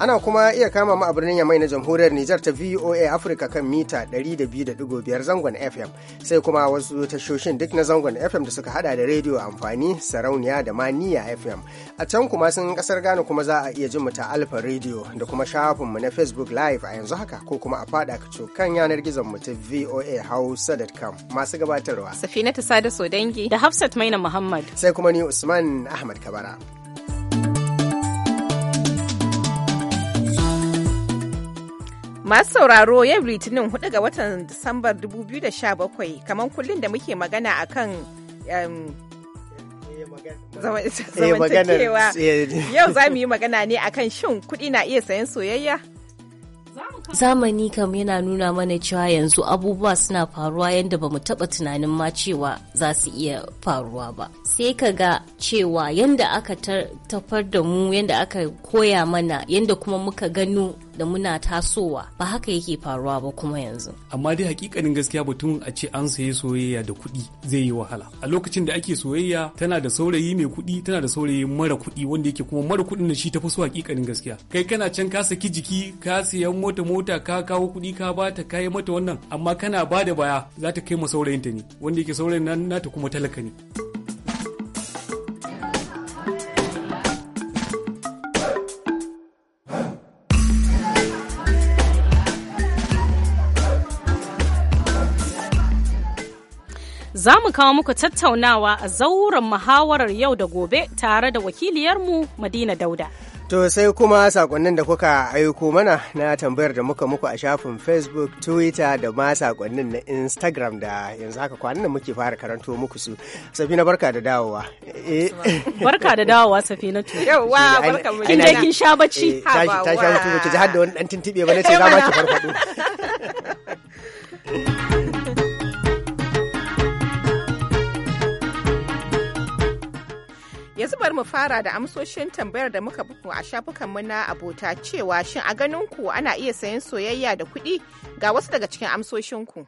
Ana kuma iya kama mu a birnin Yamai na Jamhuriyar Nijar ta VOA Africa kan mita 200.5 zangon FM sai kuma wasu tashoshin duk na zangon FM da suka hada da rediyo amfani sarauniya da maniya FM. A can kuma sun kasar gane kuma za a iya jin mu ta Alfa rediyo da kuma shafin mu na Facebook Live a yanzu haka ko kuma a fada kan yanar gizon mu ta VOA Hausa.com masu gabatarwa. Safina ta sada Sodangi da Hafsat Maina Muhammad. Sai kuma ni Usman Ahmad Kabara. Masu sauraro yau Litinin hudu ga watan Disambar 2017 kamar kullum da muke magana akan eh, zamantakewa. Eh, eh. Yau za mu yi magana ne akan shin kuɗi na iya sayan soyayya? Zamani kam yana nuna mana cewa yanzu abubuwa suna faruwa yadda ba mu taɓa tunanin ma cewa za su iya faruwa ba. Sai ka ga cewa yadda aka tafar da mu yadda aka koya mana yadda kuma muka gano da muna tasowa ba haka yake faruwa ba kuma yanzu amma dai hakikanin gaskiya batun a ce an saye soyayya da kuɗi zai yi wahala a lokacin da ake soyayya tana da saurayi mai kuɗi tana da saurayi mara kuɗi wanda yake kuma mara kuɗin da shi ta fi so hakikanin gaskiya kai kana can ka saki jiki ka siyan mota mota ka kawo kuɗi ka bata ka yi mata wannan amma kana ba da baya za ta kai ma saurayinta ne wanda yake saurayin nan nata kuma talaka ne. za mu kawo muku tattaunawa a zauren muhawarar yau da gobe tare da wakiliyarmu Madina Dauda. To sai kuma sakonnin da kuka aiko mana na tambayar da muka muku a shafin Facebook, Twitter da ma sakonnin na Instagram da yanzu haka kwanan da muke fara karanto muku su. Safina barka da dawowa. Eh. Barka da dawowa Safina to Yawwa barka mu. Kin sha bacci. Ta sha bacci ji har da wani dan tintibe nace eh, za ma ki farfado. yanzu bari mu fara da amsoshin tambayar da muka buku a shafukanmu na abota cewa shin a ganin ku ana iya sayan soyayya da kuɗi ga wasu daga cikin amsoshin ku.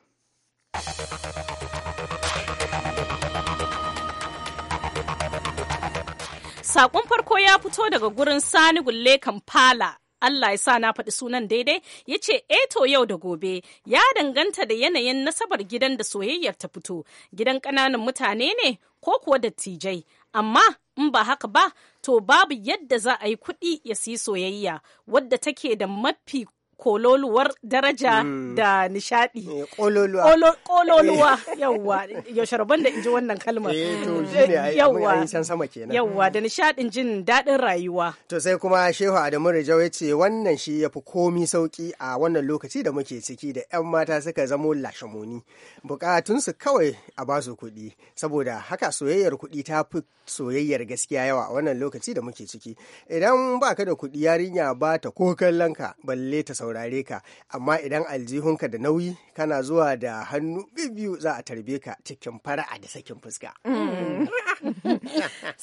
Sakon farko ya fito daga gurin Sani Gulle Kampala. Allah ya sa na faɗi sunan daidai ya ce eto eh yau da gobe ya danganta da yanayin nasabar gidan da soyayyar ta fito gidan ƙananan mutane ne ko kuwa dattijai amma in ba haka ba to babu yadda za a yi kuɗi ya siyi soyayya wadda take da mafi kololuwar daraja mm. da nishadi. Eh, kololuwa. Kololuwa, eh. yawwa, yaushe rabon da in ji wannan kalmar. Eh, yawwa, sama kenan. Yawwa, da nishadin jin daɗin rayuwa. To sai kuma Shehu Adamu Rijau ya ce wannan shi ya fi komi sauki a wannan lokaci da muke ciki da 'yan mata suka zamo lashamoni. Bukatunsu kawai a basu kuɗi, saboda haka soyayyar kuɗi ta fi soyayyar gaskiya yawa a wannan lokaci da muke ciki. Idan ba ka da kuɗi yarinya ba ta ko kallon ka balle ta sau saurare ka amma idan aljihunka da nauyi kana zuwa da hannu biyu za a tarbe ka cikin fara'a da sakin fuska mm.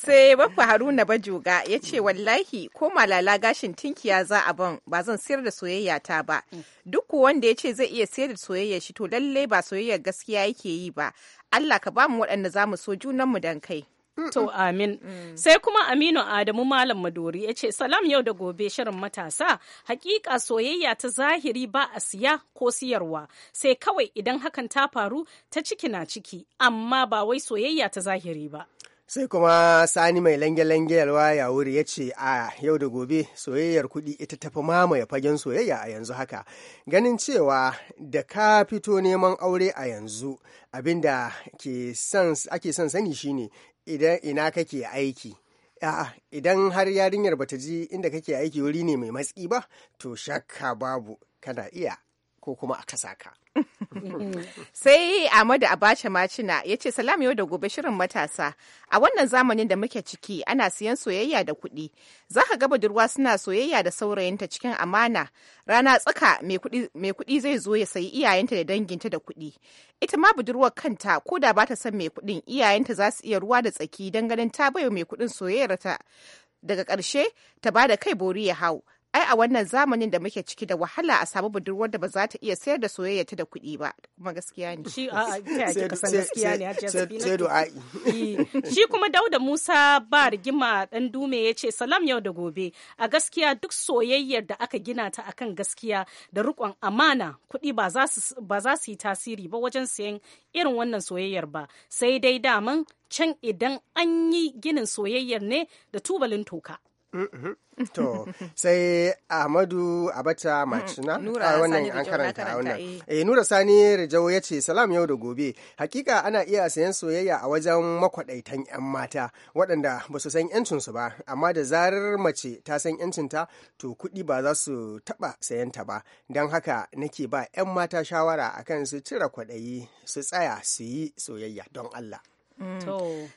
sai bafa haruna bajoga ya ce wallahi ko malala gashin tinkiya za a ban ba zan sayar da soyayya ta ba duk wanda ya ce zai iya sayar da soyayya shi to lallai ba soyayyar gaskiya yake yi ba Allah ka ba mu waɗanda za mu so junanmu dan kai. To amin. Mm. Sai kuma Aminu Adamu Malam madori ya ce, Salam yau da gobe shirin matasa, hakika soyayya ta zahiri ba a siya ko siyarwa, sai kawai idan hakan ta faru ta ciki na ciki, amma ba wai soyayya ta zahiri ba. sai kuma sani mai lange-lange yalwa ya wuri ya ce a yau da gobe soyayyar kuɗi ita tafi mamaye fagen soyayya a yanzu haka ganin cewa da ka fito neman aure a yanzu abinda ake son sani shine idan ina kake aiki A'a, idan har yarinyar bata ji inda kake aiki wuri ne mai matsi ba, to shakka babu kana iya ko kuma a kasa ka. Sai Ahmadu Abacha Macina ya ce salam yau da gobe shirin matasa a wannan zamanin da muke ciki ana siyan soyayya da kuɗi za ka ga budurwa suna soyayya da saurayinta cikin amana rana tsaka mai kuɗi zai zo ya sayi iyayenta da danginta da kuɗi ita ma budurwar kanta ko da ba ta son mai kuɗin iyayenta za su iya ruwa da tsaki don ganin ta baiwa mai kuɗin soyayyarta daga ƙarshe ta ba da kai bori ya hau ai a wannan zamanin da muke ciki da wahala a samu budurwar da ba za ta iya sayar da soyayya ta da kuɗi ba kuma gaskiya ne shi a kasan gaskiya ne eh, shi kuma Dauda Musa ba rigima dan dume ya ce salam yau da gobe a gaskiya duk soyayyar da aka gina ta akan gaskiya da rikon amana kuɗi ba za su yi tasiri ba wajen sayan irin wannan soyayyar ba sai dai daman can idan an yi ginin soyayyar ne da tubalin toka to sai ahmadu abata macina mm-hmm. a ah, wannan an karanta a wannan eh. eh nura sani rijau ya ce salam yau da gobe hakika ana iya sayan soyayya a wajen makwaɗaitan yan mata waɗanda ba su san 'yancinsu ba amma da zarar mace ta san yancin ta to kuɗi ba za su taɓa sayanta ba don haka nake ba yan mata shawara akan su cire kwaɗayi su tsaya su yi soyayya don Allah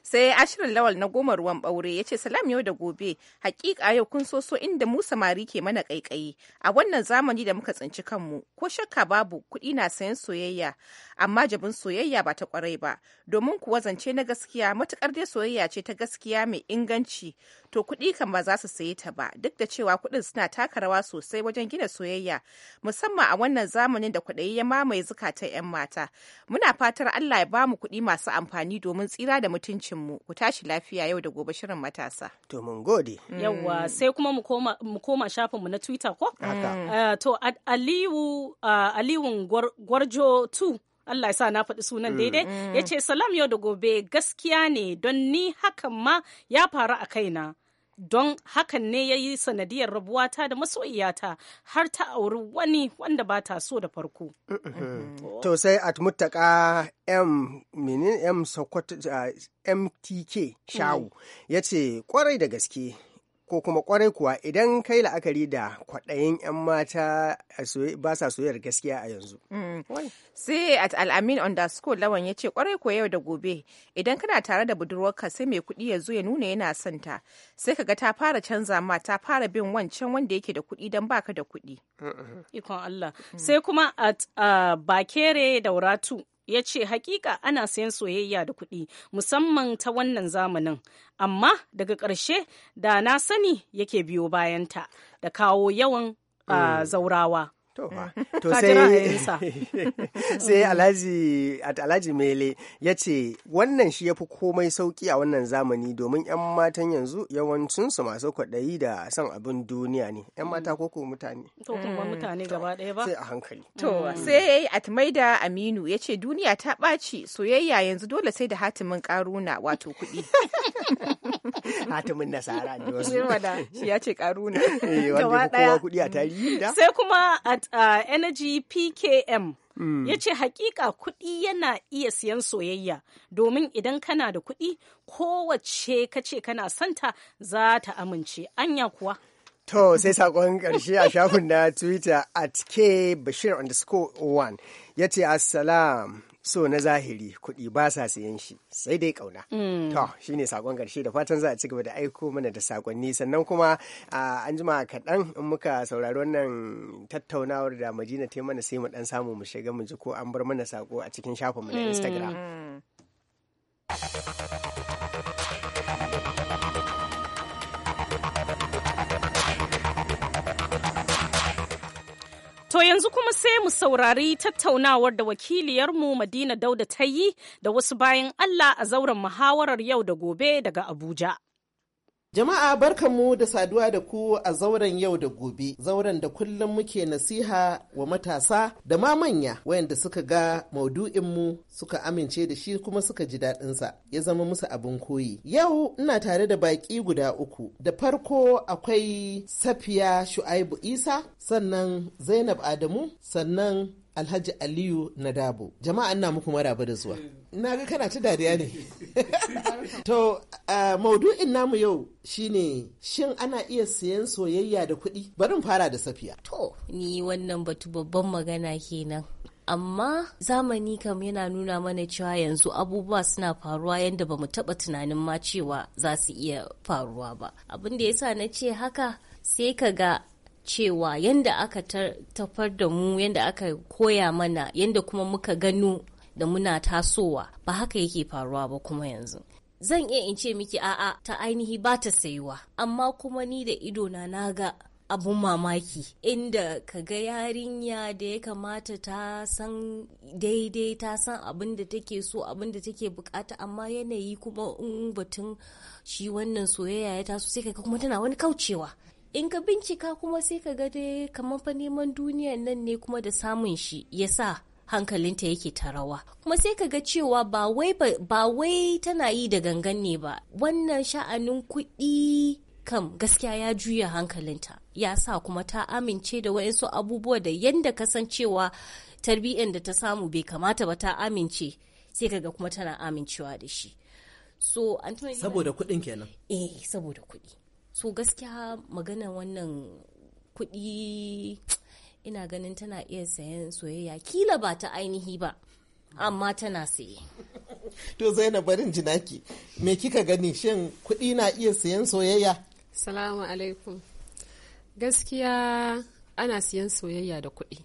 Sai ashirin lawal na goma ruwan ɓaure ya ce salam yau da gobe hakika yau kun so so inda mu samari ke mana ƙaiƙayi a wannan zamani da muka tsinci kanmu ko shakka babu kuɗi na sayan soyayya amma jabin soyayya ba ta kwarai ba domin kuwa zance na gaskiya matukar dai soyayya ce ta gaskiya mai inganci to kuɗi kan ba za su sayi ta ba duk da cewa kuɗin suna taka rawa sosai wajen gina soyayya musamman a wannan zamanin da kuɗi ya mamaye zukatan 'yan mata muna fatar allah ya bamu kuɗi masu amfani domin tsira da mutuncinmu ku tashi lafiya yau da gobe shirin matasa to mun gode yawwa mm. sai kuma mu koma shafinmu na twitter ko mm. eh, to aliyu ah, aliyun gwarjo 2 Allah ya sa na faɗi sunan mm. daidai ya ce salam yau da gobe gaskiya ne don ni hakan ma ya faru a kaina don hakan ne ya yi sanadiyar rabuwata da masoyiyata har ta auri wani wanda ba ta so da farko. Mm-hmm. To sai at mutaka M MTK uh, Shawu mm. ya ce kwarai da gaske ko kuma kwarai kuwa idan kai la'akari da kwaɗayin 'yan mata ba sa soyayyar gaskiya a yanzu. Mm. Sai at al'amin underscore lawan ya ce kwarai kuwa yau da gobe idan kana tare da budurwarka sai mai kuɗi ya zo ya nuna yana son ta sai ka ga ta fara canza ma ta fara bin wancan wanda yake da kuɗi don baka da kuɗi. Ikon Allah. Mm. Sai kuma at uh, bakere dauratu ya ce hakika ana sayan soyayya da kuɗi musamman ta wannan zamanin amma daga ƙarshe da na sani yake biyo bayanta da kawo yawan uh, zaurawa To eh. sai sai mm. Alhaji at Alhaji Mele ya ce wannan shi ya fi komai sauki a wannan zamani domin 'yan matan yanzu yawancinsu masu kwaɗayi da son abin duniya ne. 'Yan mm. mata ko ko mutane. To kuma mutane mm. gaba ɗaya ba. Sai a hankali. To sai maida Aminu ya ce duniya ta ɓaci soyayya yanzu dole sai da hatimin ƙaruna wato kuɗi. hatimin nasara ne wasu shi ya ce karuna eh, daya sai kuma at energy pkm Mm. ya ce hakika kuɗi yana iya siyan soyayya domin idan kana da kuɗi kowace kace kana santa za ta amince anya kuwa To sai sakon karshe a shafin na Twitter at K Bashir underscore one ya ce Assalam so na zahiri kuɗi ba sa sayan shi sai dai ƙauna. Mm. To shi ne saƙon ƙarshe da fatan za a ci gaba da aiko mana da saƙonni sannan kuma an jima kaɗan in muka saurari wannan tattaunawar da Madina ta mana sai mu ɗan samu mu shiga mu ji ko an bar mana saƙo a cikin shafinmu na mm. Instagram. Mm. To yanzu kuma sai mu saurari tattaunawar da wakiliyarmu Madina Dauda ta yi da wasu bayan Allah a zauren muhawarar yau da gobe daga Abuja. Jama'a barkanmu da saduwa da ku a zauren yau da gobe, zauren da kullum muke nasiha wa matasa da ma manya wayanda suka ga maudu'inmu suka amince da shi kuma suka ji daɗinsa ya zama musu abin koyi. Yau ina tare da baƙi guda uku. Da farko akwai Safiya Shu'aibu Isa, sannan Zainab Adamu, sannan Alhaji Aliyu Nadabo. Jama'an na muku maraba da zuwa. Na ga kana ta dariya ne. to maudu'in namu yau shine shin ana iya siyan soyayya da kuɗi? Bari mu fara da safiya. To ni wannan batu babban magana kenan. amma zamani kam yana nuna mana cewa yanzu abubuwa suna faruwa yadda ba mu taɓa tunanin ma cewa za su iya faruwa ba abin da ya sa na ce haka sai ka ga cewa yanda aka tafar da mu yanda aka koya mana yanda kuma muka gano da muna tasowa ba haka yake faruwa ba kuma yanzu zan iya in ce miki a'a ta ainihi ba ta sayuwa amma kuma ni da ido na ga abun mamaki inda ka ga yarinya da ya kamata ta san daidai ta san abin da take so abin da take bukata amma yanayi kuma in batun shi wannan soyayya ya taso sai ka kuma tana wani kaucewa in ka bincika kuma sai ka ga dai kamar fa neman duniyan nan ne kuma da samun shi ya sa hankalinta yake ta rawa kuma sai ka ga cewa ba wai tana yi da gangan ne ba wannan sha'anin kuɗi kam gaskiya ya juya hankalinta ya sa kuma ta amince da waɗansu abubuwa da yanda cewa tarbiyyar da ta samu bai kamata ba ta amince sai ka ga kuma tana amincewa da shi saboda kuɗin kenan eh saboda kuɗi so gaskiya magana wannan kuɗi ina ganin tana iya sayan soyayya kila ba ta ainihi ba amma tana saye to zainab barin jinaki me kika gani shin kuɗi na iya sayan soyayya salamu alaikum gaskiya ana siyan soyayya da kuɗi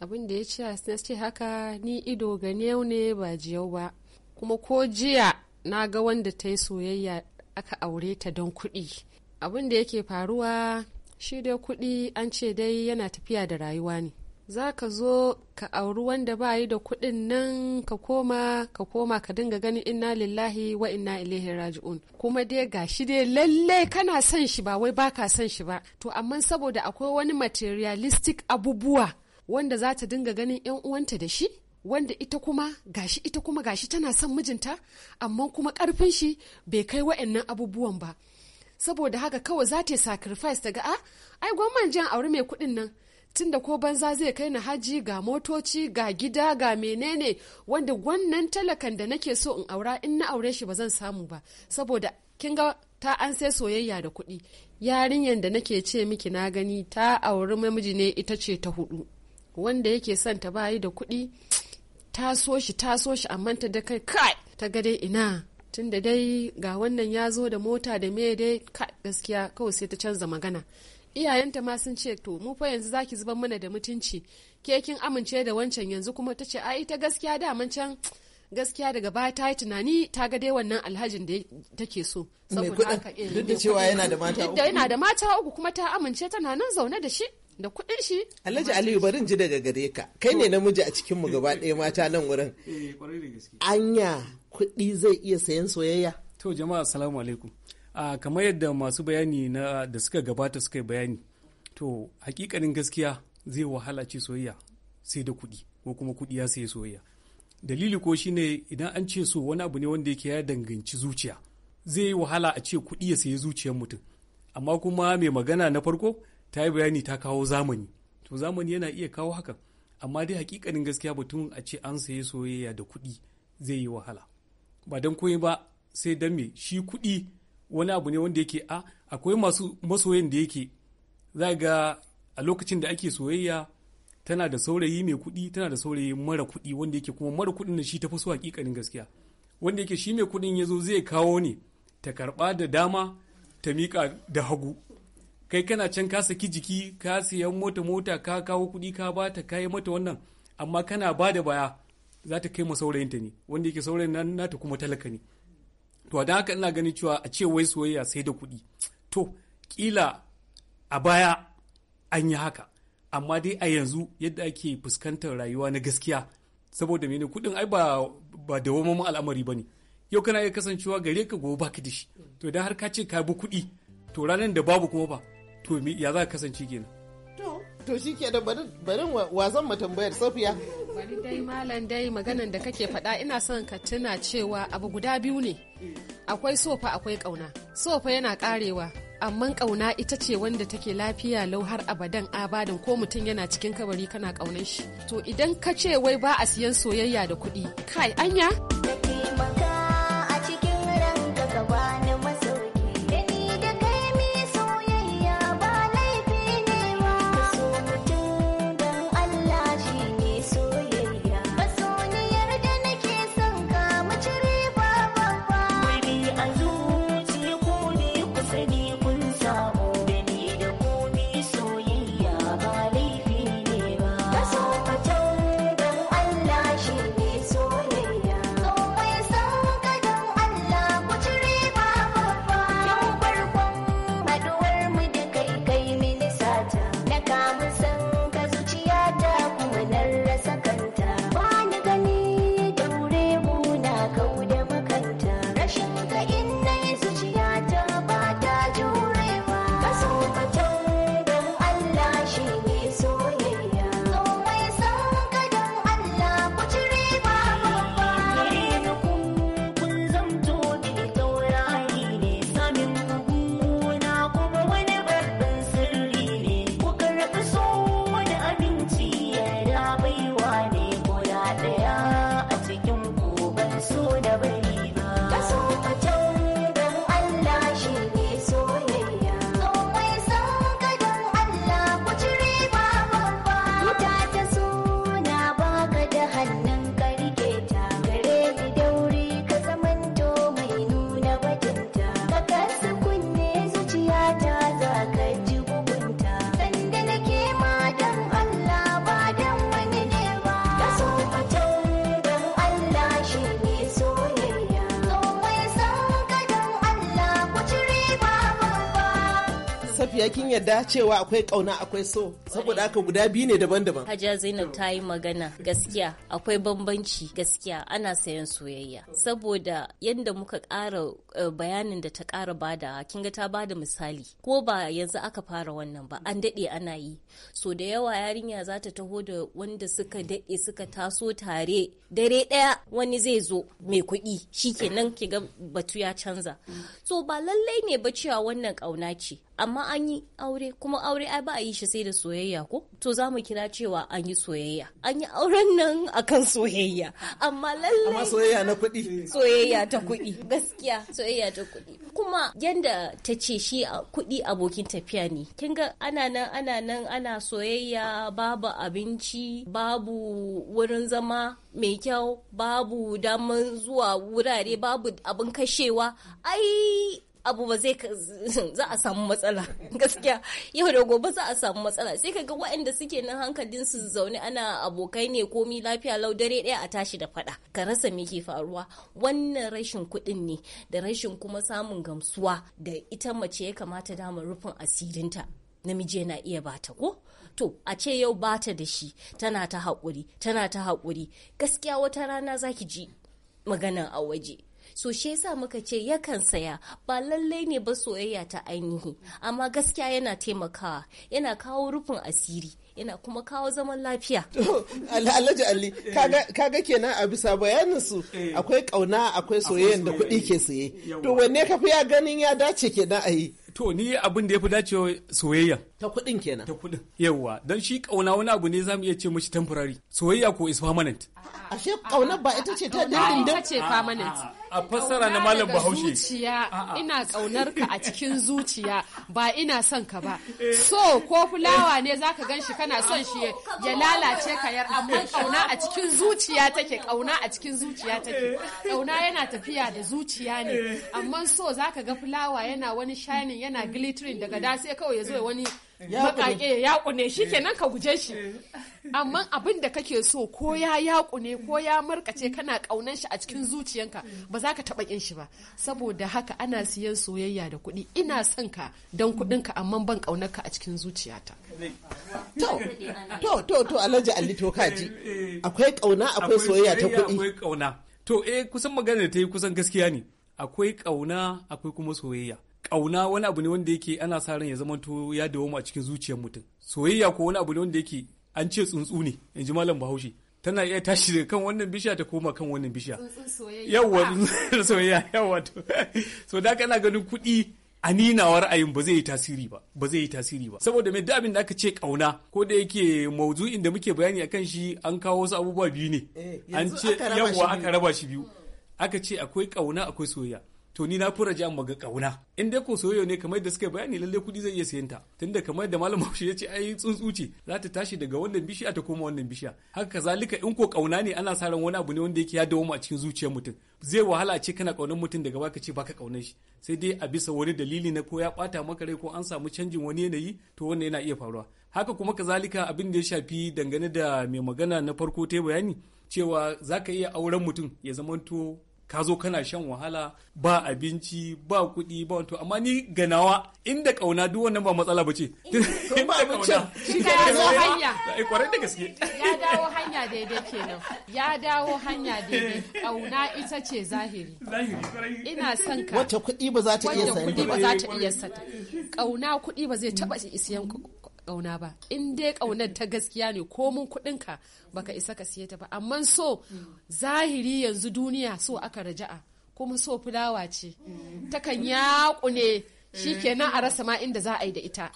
abin da ya ce a ce haka ni ido ganeu ne ba jiyau ba kuma ko jiya na ga wanda ta yi soyayya aka aure ta don kuɗi abin da yake faruwa shi dai kuɗi an ce dai yana tafiya da rayuwa ne za ka zo ka auri wanda ba yi da kuɗin nan ka koma ka koma ka dinga ganin inna lillahi wa inna ilaihi raji'un kuma dai gashi dai lalle kana son shi ba wai baka son shi ba to amma saboda akwai wani materialistic abubuwa wanda za ta dinga ganin yan uwanta da shi wanda ita kuma gashi ita kuma gashi tana son mijinta amma kuma karfin shi bai kai wa'annan abubuwan ba saboda haka kawai za ta yi sacrifice ta ga a ah, ai gwamnan jan aure mai kuɗin nan tunda ko banza zai kai ni haji ga motoci ga gida ga menene wanda wannan talakan da nake so in aura in na aure shi ba zan samu ba saboda kin ga ta an sai soyayya da kuɗi yarinyar da nake ce miki na gani ta auri namiji ne ita ce ta hudu wanda yake son ta bayi da kuɗi ta so shi ta so shi amma ta da kai kai ta ga dai ina Tun da dai ga wannan ya zo da mota da me dai gaskiya kawai sai ta canza magana iyayenta ma sun ce to mu fa yanzu zaki zubar mana da mutunci ke kin amince da wancan yanzu kuma ta ce ai ta gaskiya da can gaskiya daga baya ta yi tunani ta ga dai wannan alhajin da take so saboda haka eh, duk da cewa yana da mata uku yana da mata uku kuma ta amince tana nan zaune da shi da kuɗin shi Alhaji Aliyu barin ji daga gare ka kai ne namiji a cikin mu gaba ɗaya mata nan wurin eh, anya kuɗi zai iya sayan soyayya to jama'a salamu alaikum a kamar yadda masu bayani na da suka gabata suka bayani to hakikanin gaskiya zai wahala ce soyayya sai da kuɗi ko kuma kuɗi ya sayi soyayya dalili ko shine idan an ce so wani abu ne wanda yake ya danganci zuciya zai yi wahala a ce kuɗi ya sayi zuciyar mutum amma kuma mai magana na farko ta yi bayani ta kawo zamani to zamani yana iya kawo haka amma dai hakikanin gaskiya batun a ce an sayi soyayya da kuɗi zai yi wahala ba don koyi ba sai dan me shi kuɗi wani abu ne wanda yake a akwai masu masoyan da yake za ga a lokacin da ake soyayya tana da saurayi mai kuɗi tana da saurayi mara kuɗi wanda yake kuma mara kuɗin da shi ta fi so hakikanin gaskiya wanda yake shi mai kuɗin ya zo zai kawo ne ta karɓa da dama ta miƙa da hagu kai kana can ka saki jiki ka siyan mota mota ka kawo kuɗi ka bata ka yi mata wannan amma kana ba da baya za ta kai ma ta ne wanda yake saurayin nan nata kuma talaka ne to da haka ina ganin cewa a ce wai soyayya sai da kuɗi to kila a baya an yi haka amma dai a yanzu yadda ake fuskantar rayuwa na gaskiya saboda mene kuɗin ai ba ba dawamamin al'amari ba ne yau kana iya kasancewa gare ka gobe baka da shi to idan har ka ce ka bi kuɗi to ranar da babu kuma ba to ya za ka kasance kenan to shi ke da barin wazan tambayar safiya bari dai malam dai maganan da kake faɗa ina son ka tuna cewa abu guda biyu ne akwai sofa akwai ƙauna sofa yana ƙarewa amma ƙauna ita ce wanda take lafiya lau har abadan abadan ko mutum yana cikin kabari kana ƙaunar shi to idan ka ce wai ba a siyan soyayya da kuɗi kai anya yarda cewa akwai kauna akwai so saboda haka guda biyu ne daban-daban hajiya zainab ta yi magana gaskiya akwai bambanci gaskiya ana sayan soyayya saboda yadda muka ƙara Eh, bayanin da ta ƙara bada kin ga ta bada misali ko ba yanzu aka fara wannan ba an daɗe ana yi so da yawa yarinya za ta taho da wanda suka daɗe suka taso tare dare ɗaya wani zai zo mai kuɗi shikenan ki ga batu ya canza so ba lallai ne ba cewa wannan ƙauna ce amma an yi aure kuma aure ai ba a yi shi sai da soyayya ko to za mu kira cewa an yi soyayya an yi auren nan akan soyayya amma lallai amma soyayya na kuɗi soyayya ta kuɗi gaskiya so soyayya da kuɗi kuma yanda ta ce shi a kuɗi abokin tafiya ne kin ga ana nan ana nan ana soyayya babu abinci babu wurin zama mai kyau babu daman zuwa wurare babu abin kashewa ai abu ba zai za a samu matsala gaskiya yau da gobe za a samu matsala sai ka ga waɗanda suke na hankalin su zaune ana abokai ne komi lafiya lau dare ɗaya a tashi da faɗa ka rasa me ke faruwa wannan rashin kuɗin ne da rashin kuma samun gamsuwa da ita mace ya kamata dama rufin asirinta namiji yana iya bata ko to a ce yau bata da shi tana ta haƙuri tana ta haƙuri gaskiya wata rana zaki ji maganan a waje so shi yasa muka ce yakan saya ba lallai ne ba soyayya ta ainihi amma gaskiya yana taimakawa yana kawo rufin asiri yana kuma kawo zaman lafiya. Alhaji Ali, eh. kaga kenan a bisa bayanin su eh. akwai kauna akwai soyayyen da kuɗi ke saye. To wanne kafi ya ganin ya dace kenan a yi? To ni abin da ya fi dacewa soyayya. Ta kuɗin kenan. Ta kuɗin. Yawwa don shi ƙauna wani abu ne zamu iya ce mishi temporary. Soyayya ko is permanent. Ashe ƙaunar ba ita ce ta dindindin. Ita ce permanent. A fassara na malam Bahaushe. Zuciya ina ƙaunar ka a cikin zuciya ba ina son ka ba. Eh. So ko fulawa ne zaka gan shi kana son shi ya lalace ka yar amma eh. ƙauna a cikin zuciya take ƙauna a cikin zuciya take. Eh. Ƙauna yana tafiya da zuciya ne amma so zaka ga fulawa yana wani shining yana glittering daga da sai kawai ya zo wani makake ya yakune shi kenan ka guje shi amma abin da kake so ko ya yakune ko ya markace kana kaunan shi a cikin zuciyanka ba za ka taba kin shi ba saboda haka ana siyan soyayya da kuɗi ina son ka don kuɗin ka amma ban kaunar ka a cikin zuciyata to to to to alhaji alli to kaji akwai kauna akwai soyayya ta kuɗi akwai kauna to eh kusan magana da ta yi kusan gaskiya ne akwai kauna akwai kuma soyayya kauna wani abu ne wanda yake ana sa ran ya zamanto ya dawo a cikin zuciyar mutum soyayya ko wani abu ne wanda yake an ce tsuntsu ne in ji malam bahaushe tana iya tashi daga kan wannan bishiya ta koma kan wannan bishiya yawwa soyayya yawwa to so da kana ganin kuɗi a ninawar ra'ayin ba zai yi tasiri ba ba zai yi tasiri ba saboda mai abin da aka ce kauna ko da yake mauzu'in da muke bayani akan shi an kawo wasu abubuwa biyu ne eh, an ce yawwa aka raba shi biyu aka ce akwai kauna akwai soyayya to ni na fura jiya maga kauna in dai ko soyayya ne kamar da suka bayani lalle kudi zai iya sayan ta tunda kamar da malam Bahaushe ya ce ai tsuntsu ce za ta tashi daga wannan bishiya ta koma wannan bishiya haka kazalika in ko kauna ne ana sa ran wani abu ne wanda yake ya dawo a cikin zuciyar mutum zai wahala ce kana kaunar mutum daga baka ce baka kaunar shi sai dai a bisa wani dalili na ko ya bata maka rai ko an samu canjin wani yanayi to wannan yana iya faruwa haka kuma kazalika abin da ya shafi dangane da mai magana na farko ta bayani cewa zaka iya auren mutum ya zamanto ka zo kana shan wahala ba abinci ba kuɗi ba wato amma ni ganawa inda kauna duk wannan ba matsala ba ce ba abincin shi ka ya zo hanya kwarai eh, da gaske ya dawo hanya daidai kenan ya dawo hanya daidai kauna ita ce zahiri ina son ka wacce kuɗi ba za ta iya sani ba za sata kauna kuɗi ba zai taba isiyan kauna ba in dai kaunar ta gaskiya ne ko mun kuɗin ka baka isa ka siye ta ba amma so zahiri yanzu duniya so aka raja'a kuma so fulawa ce takan ke shikenan a rasa ma inda za a yi da ita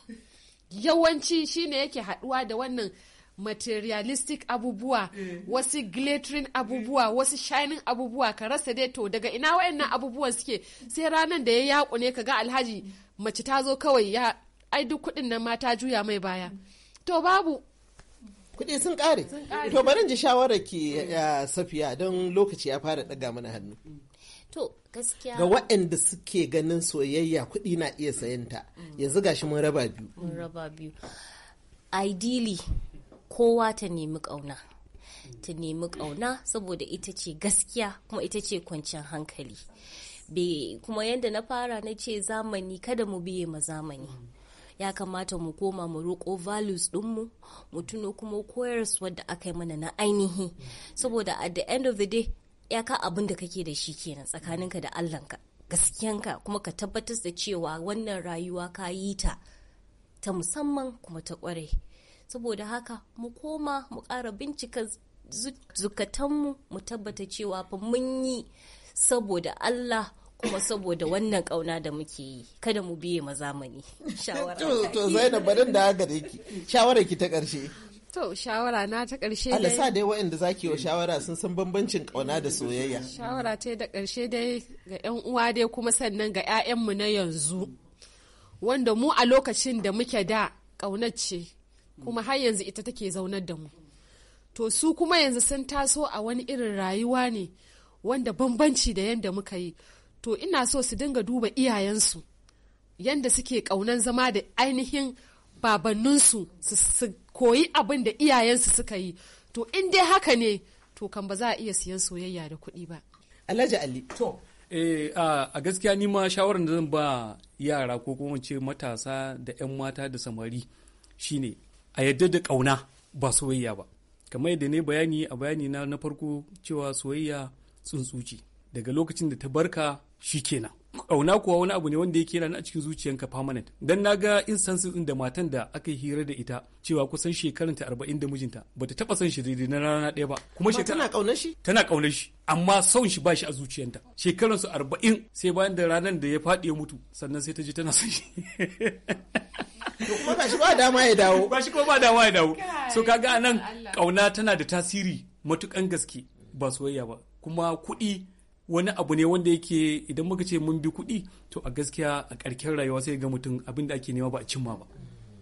yawanci shine yake haɗuwa da wannan materialistic abubuwa wasu glittering abubuwa wasu shining abubuwa ka rasa dai to daga ina wayannan abubuwan suke sai ranar da ya yaƙune ka ga alhaji mace ta zo kawai ya ai duk kudin nan mata juya mai baya to babu Kudi sun kare. to barin ji shawarar ki safiya don lokaci ya fara daga mana hannu to gaskiya ga waɗanda suke ganin soyayya kudi na iya sayanta yanzu gashi mun raba biyu mun raba biyu ideally kowa ta nemi kauna. ta nemi kauna saboda ita ce gaskiya kuma ita ce kwanciyar hankali be kuma yadda na fara na ce zamani kada mu biye ma zamani ya kamata mu koma mu roƙo values ɗinmu mu tuno kuma su wadda aka yi mana na ainihi saboda at the end of the day ya ka abin da kake da shi kenan tsakaninka da allahnka gaskiyanka kuma ka tabbatar da cewa wannan rayuwa ka yi ta ta musamman kuma ta kwarai saboda haka mu koma mu ƙara bincika zukatanmu mu tabbata cewa fa mun yi saboda Allah kuma saboda wannan kauna da muke yi kada mu biye ma zamani shawara to zainab barin da haka ki shawara ki ta karshe To shawara na ta karshe dai. alisa sa dai waɗanda za ki yi wa shawara sun san bambancin ƙauna da soyayya. Shawara ta da ƙarshe dai ga 'yan uwa dai kuma sannan ga mu na yanzu. Wanda mu a lokacin da muke da ƙaunar ce kuma har yanzu ita take zaunar da mu. To su kuma yanzu sun taso a wani irin rayuwa ne wanda bambanci da yanda muka yi. to ina so su dinga duba iyayensu yadda suke ƙaunan zama da ainihin babanninsu su koyi abin da iyayensu suka yi to in dai haka ne to kan ba za a iya siyan soyayya da kuɗi ba alhaji ali to eh, a gaskiya ni ma shawarar da zan ba yara ko kuma ce matasa da 'yan mata da samari shine a yadda da ƙauna ba soyayya ba kamar yadda ne bayani a bayani na na farko cewa soyayya tsuntsu ce daga lokacin da ta barka shi kenan ƙauna kuwa wani abu ne wanda yake rana a cikin zuciyanka permanent dan naga instances din da matan da aka yi hira da ita cewa kusan shekaran ta 40 da mijinta bata taba son shi daidai na rana ɗaya ba kuma shekara tana ƙaunar shi tana ƙaunar shi amma son shi ba shi a zuciyanta shekaran su 40 sai bayan da ranar da ya faɗi ya mutu sannan sai ta ji tana son shi kuma kuma shi ba dama ya dawo shi kuma ba dama ya dawo so kaga anan ƙauna tana da tasiri matukan gaske ba soyayya ba kuma kuɗi wani abu ne wanda yake idan muka ce mun bi kuɗi to a gaskiya a ƙarken rayuwa sai ga mutum abin da ake nema ba a cimma ba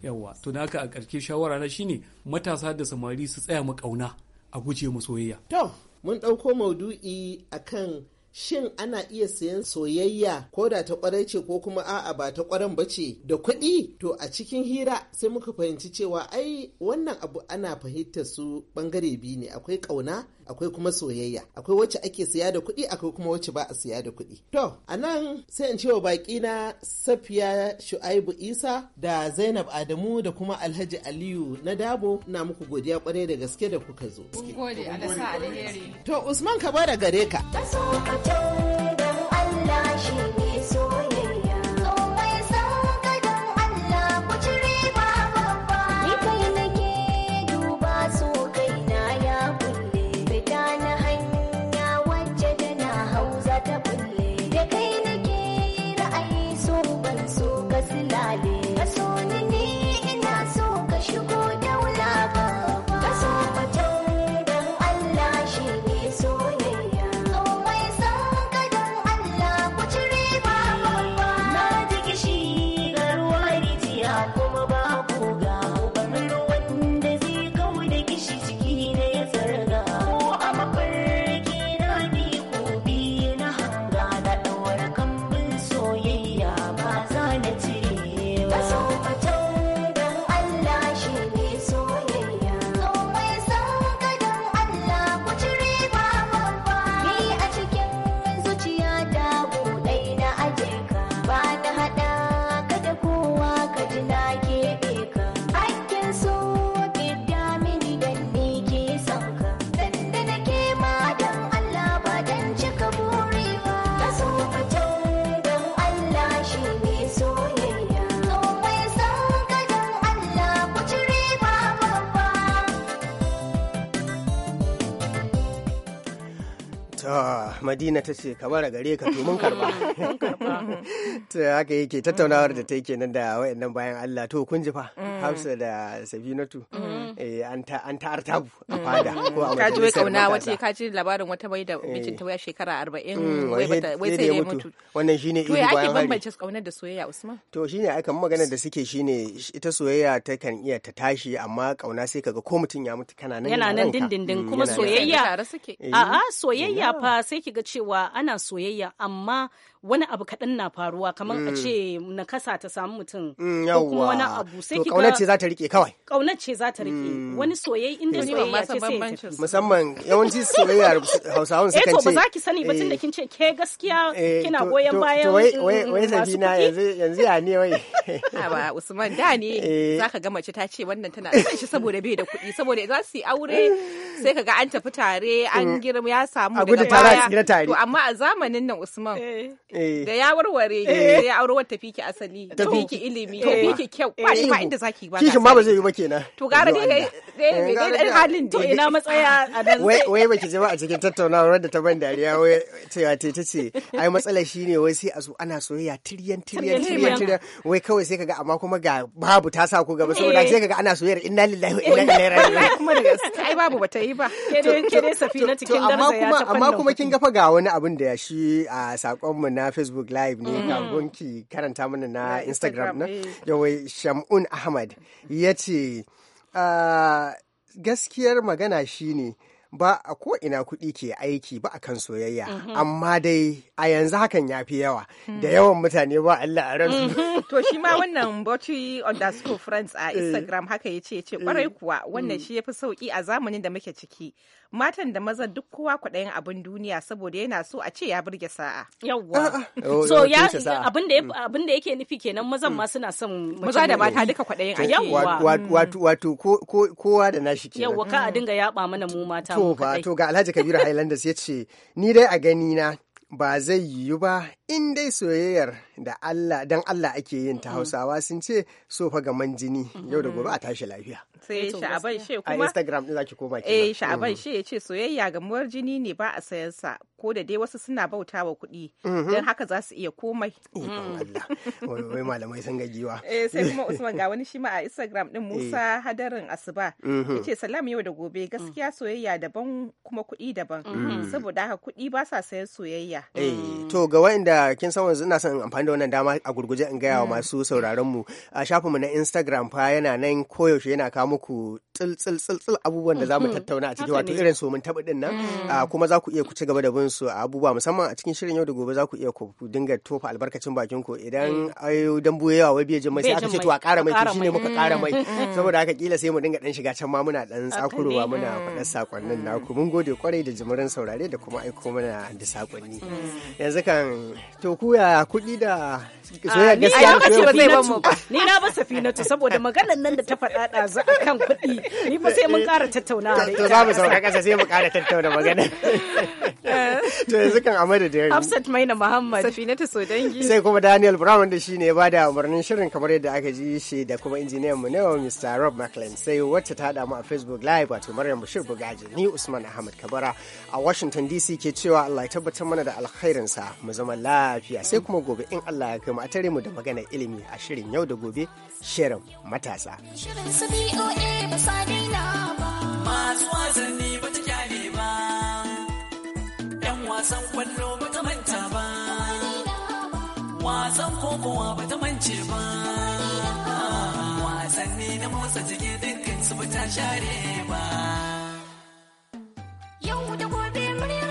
yawa to na haka a ƙarke shawara na shine matasa da samari su tsaya mu ƙauna a guje mu soyayya to mun ɗauko maudu'i akan shin ana iya sayan soyayya ko da ta kwarai ce ko kuma a'a ba ta kwaran ba ce da kuɗi to a cikin hira sai muka fahimci cewa ai wannan abu ana fahimtar su bangare biyu ne akwai ƙauna akwai kuma soyayya akwai wacce ake siya da kuɗi akwai kuma wacce ba a siya da kuɗi to a nan sai in cewa baƙi na safiya shu'aibu isa da zainab adamu da kuma alhaji aliyu na dabo na muku godiya kwarai da gaske da kuka zo to usman ka bada gare ka Allah shi madina ta ce kamar a gare ka to mun karba to haka yake tattaunawar da ta yake nan da wayannan bayan Allah to kun ji fa mm. Hafsa da Sabinatu mm. eh, an ta an ta artabu a mm. fada ko a majalisar ka kauna wace ka ji labarin wata mai da eh. mijin ta waya shekara 40 wai sai ya mutu wannan shine iri bayan hari to ya bambance kaunar da soyayya Usman to shine ai kamar magana da suke shine ita soyayya ta kan iya ta tashi amma kauna sai kaga ko mutum ya mutu kana nan yana nan dindindin kuma soyayya eh. a'a soyayya fa sai ki ga cewa ana soyayya amma wani abu kaɗan na faruwa kamar a mm. ce na kasa ta samu mutum mm, ko kuma wani abu sai kika kaunar ce za ta rike kawai kaunar ce za ta rike mm. wani soyayya inda soyayya ce sai musamman yawanci soyayya Hausawan sukan ce eh to ba za ki sani ba tunda eh. kin ce ke gaskiya eh, kina goyen bayan wai na yanzu yanzu ya ne wai ba Usman da ne eh. zaka ga mace ta ce wannan tana son shi saboda bai da kuɗi saboda za su yi aure sai ka ga an tafi tare an girma ya samu daga baya to amma a zamanin nan Usman Eh. da ya warware eh. ki ya auro wata fiki asali ta fiki ilimi ta eh. fiki kyau ba shi ba inda zaki ba kishin ma ba zai yi ba kenan to gara ne dai dai halin da ina matsaya a nan wai wai baki ji ba a cikin tattaunawar da ta ban dariya wai cewa te ta ce ai matsalar shine wai sai a zo ana soyayya tiryan tiryan tiryan tiryan wai kawai sai kaga amma kuma ga babu ta sa ku gaba saboda sai kaga ana soyayyar inna lillahi wa inna ilaihi raji'un kuma ai babu bata yi ba ke dai ke dai cikin darsa ya ta amma kuma kin ga fa ga wani abin da shi a sakon mu na facebook live ne kafin mm-hmm. ki karanta mana na instagram na eh. yawai shamun ahmad ya ce ah, gaskiyar magana shine ba a ko ina kuɗi ke aiki ba a kan soyayya mm-hmm. amma dai a yanzu hakan ya fi yawa mm-hmm. da yawan mutane ba Allah a ransu. to shi ma wannan bocci underscore friends a eh. instagram haka ya ce ce kwarai eh. kuwa wannan mm. shi ya fi sauki a zamanin da muke ciki matan da mazan duk kowa kwaɗayin abin duniya saboda yana so a ce ya burge sa'a yawwa so ya mm. abin da yake nufi kenan mazan ma suna son maza da mata duka kwaɗayin a yawwa wato wato kowa da nashi kenan yawwa ka a mm. dinga yaba mana mu mata to ga Alhaji Kabiru Highlanders ya ce ni dai a gani na ba zai yiwu ba in dai soyayyar da Allah dan Allah ake yin ta Hausawa sun ce so fa ga man jini yau da gobe a tashi lafiya. Sai eh Sha'aban she kuma a Instagram din zaki koma kina Eh Sha'aban mm-hmm. she ya ce soyayya ga muwar jini ne ba a sayan sa ko da dai wasu suna bauta wa kuɗi mm-hmm. don haka za su iya komai. Eh, mm. Allah wai malamai sun gajiwa. Eh sai kuma Usman ga wani shi ma a Instagram din eh. Musa Hadarin Asuba mm-hmm. yace salam yau da gobe mm. gaskiya soyayya daban kuma kuɗi daban saboda haka kuɗi ba sa sayan soyayya. Eh mm. to ga wanda da kin san wanzu ina son in amfani da wannan dama a gurguje in gaya wa mm. masu sauraron mu a shafin mu na Instagram fa yana nan koyaushe yana kawo muku tsil tsil tsil abubuwan da zamu mm-hmm. tattauna a ciki wato irin su mun taba din nan mm. kuma za ku iya ku ci gaba da bin su a abubuwa musamman a cikin shirin yau da gobe za ku iya ku dinga tofa albarkacin bakin ku idan mm. ai dan yawa wai biye jin mai sai aka ce to a ƙara mai to shine muka ƙara mai saboda haka kila sai mu dinga dan shiga can ma muna dan tsakurowa muna faɗar sakonnin naku mun gode kwarai da jimirin saurare da kuma aiko mana da sakonni yanzu kan 做苦呀，苦力的。soyayya ah, gaskiya a lokaci ba zai ban mu ba ni na ba safinatu saboda maganar nan da ta faɗa a kan kuɗi ni ba sai mun ƙara tattauna da ita to za mu sauka ƙasa sai mu ƙara tattauna magana to yanzu kan amada da Hafsat Maina Muhammad safinatu so dangi. sai kuma Daniel Brown wanda shine ya bada umarnin shirin kamar yadda aka ji shi da kuma injiniyan mu ne Mr. Rob McLean sai wacce ta hada mu a Facebook Live wato Maryam Bashir Bugaji ni Usman Ahmad Kabara a Washington DC ke cewa Allah ya tabbatar mana da alkhairinsa mu zama lafiya sai kuma gobe in Allah ya kai a tare mu da maganar ilimi a shirin yau da gobe shirin matasa. wasan kokowa ba ta na motsa su ba ta Yau da gobe murya